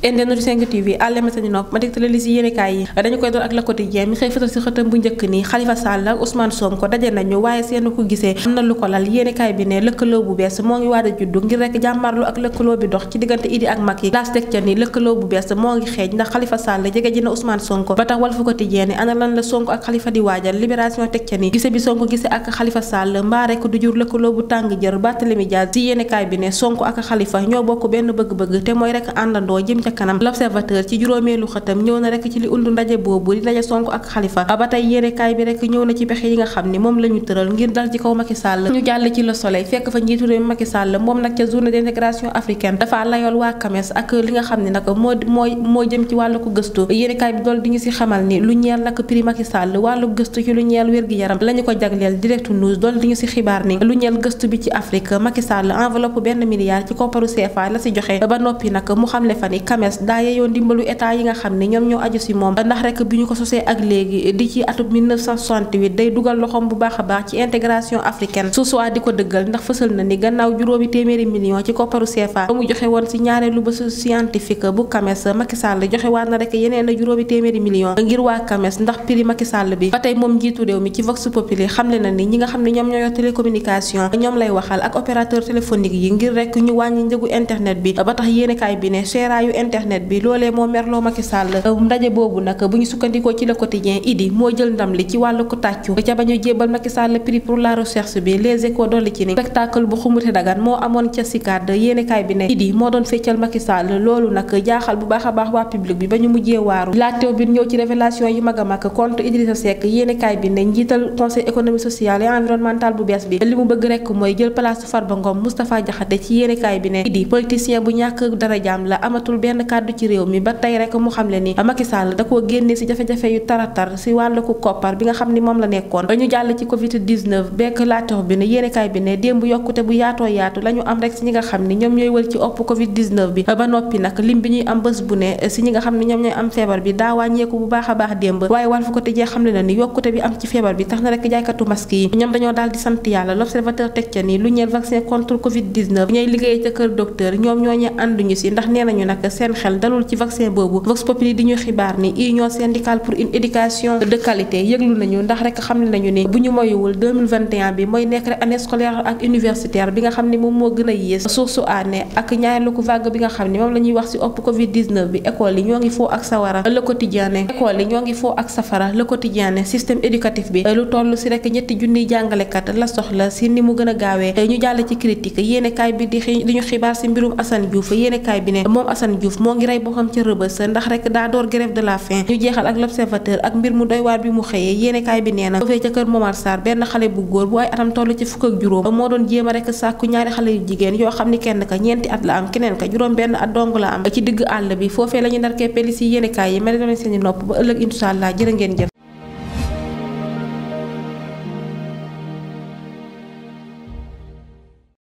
internet 5 TV àllema seeni nopp ma tegtale li si yéenekaay yi dañu koy doon ak Le Quotidien seen ko gisee am na lu ko lal yéenekaay bi ne lëkkaloo bu bees moo ngi waaj a juddu ngir rek jàmmarlu ak lëkkaloo bi dox ci diggante Idi ak Macky laas teg ca ni lëkkaloo bu bees moo ngi xeej ndax Khalifa Sall jege ji na Ousmane Sonko ba tax Walf Quotidien ne ana lan la Sonko ak Khalifa di waajal Libération teg ca ni gise bi Sonko gise ak Khalifa Sall mbaa rek du jur lëkkaloo bu tàng jër Barthélémy Dias si yéenekaay bi ne Sonko ak Khalifa ñoo bokk benn bëgg-bëgg te mooy rek àndandoo jëm ca kanam l'observateur ci juróomeelu xëtam ñëw na rek ci li undu ndaje boobu di ndaje Sonko ak Khalifa ba fekk fa njiitu réew Macky Sall moom nag ca journée d'intégration africaine dafa layool waa CAMES ak li nga xam ne nag moo jëm ci wàllu ko gëstu yéenekaay bi dool di ñu si xamal ni lu ñeel nag prix Macky Sall wàllu gëstu ci lu ñeel wér-gi-yaram la ko jagleel direct news dool di ñu si xibaar ni lu ñeel gëstu bi ci Afrique Macky Sall enveloppe benn milliard ci kopparu CFA la si joxe ba noppi nag mu xamle fa ni Lames daa yeyoo ndimbalu état yi nga xam ne ñoom ñoo aju si moom ndax rek bi ñu ko sosee ak léegi di ci atum day dugal loxoom bu baax a baax ci intégration africaine su di ko dëggal ndax fësal na ni gannaaw juróomi téeméeri million ci kopparu CFA ba mu joxe woon si ñaareelu bésu scientifique bu CAMES Macky Sall na rek yeneen na juróomi téeméeri million ngir waa CAMES ndax prix Macky bi ba tey moom njiitu réew mi ci Vox Populi xamle internet bi loolee moo merloo Macky Sall ndaje boobu nag bu ñu sukkandikoo ci le quotidien idi moo jël ndam li ci wàllu ko tàccu ca ba ñu jébbal Macky prix pour la recherche bi les échos dolli ci ni spectacle bu xumute dagan moo amoon ca sikaad yéenekaay bi ne idi moo doon feccal Macky Sall loolu nag jaaxal bu baax a baax waa public bi ba ñu mujjee waaru laajtew bi ñëw ci révélation yu mag a mag contre Idrissa Seck yéenekaay bi ne njiital conseil économique social benn kàddu ci réew mi ba tey rek mu xam le ni Macky Sall da koo génnee si jafe-jafe yu taratar si wàllu ko koppar bi nga xam ni moom la nekkoon ñu jàll ci covid 19 bekk laatox bi ne yéenekaay bi ne démb yokkute bu yaatoo yaatu la ñu am rek si ñi nga xam ni ñoom ñooy wër ci opp ne nga xam ni ñoom ñooy am feebar bi daa wàññeeku bu a baax démb waaye Walf Quotidien xamle na ni yokkute bi am ci feebar bi tax na rek jaaykatu masque ñoom dañoo daal sant yàlla l'observateur teg ca lu ñeel vaccin contre covid 19 ñooy liggéey ca kër docteur ñoom ñoo ñu ànduñu si ndax nee nañu nag seen xel dalul ci vaccin boobu Vox Populi di ñu xibaar ni union syndicale pour éducation de qualité yëglu nañu ndax rek xam ne nañu ni bu ñu moyuwul bi mooy nekk rek année scolaire ak universitaire bi nga xam ne moom moo gën a yées source aané ak ñaareelu ko vague bi nga xam ne moom la wax ci opp covid 19 bi école yi ñoo ngi foo ak sawara le quotidien ne école yi ñoo ngi foo ak safara le quotidien ne système éducatif bi lu toll ci rek ñetti junniy moo ngi rey boppam ca rëbës ndax rek daa door grève de la faim ñu jeexal ak l'observateur ak mbir mu doy waar bi mu xëyee yéenekaay bi nee na foofee ca kër Momar Sarr benn xale bu góor bu ay atam toll ci fukk ak juróom moo doon jéem a rek sàkku ñaari xale yu jigéen yoo xam ni kenn ka ñeenti at la am keneen ka juróom benn at dong la am ci digg àll bi foofee la ndarkee pelis yi yéenekaay yi mel na nopp ba ëllëg incha allah jërë ngeen jëf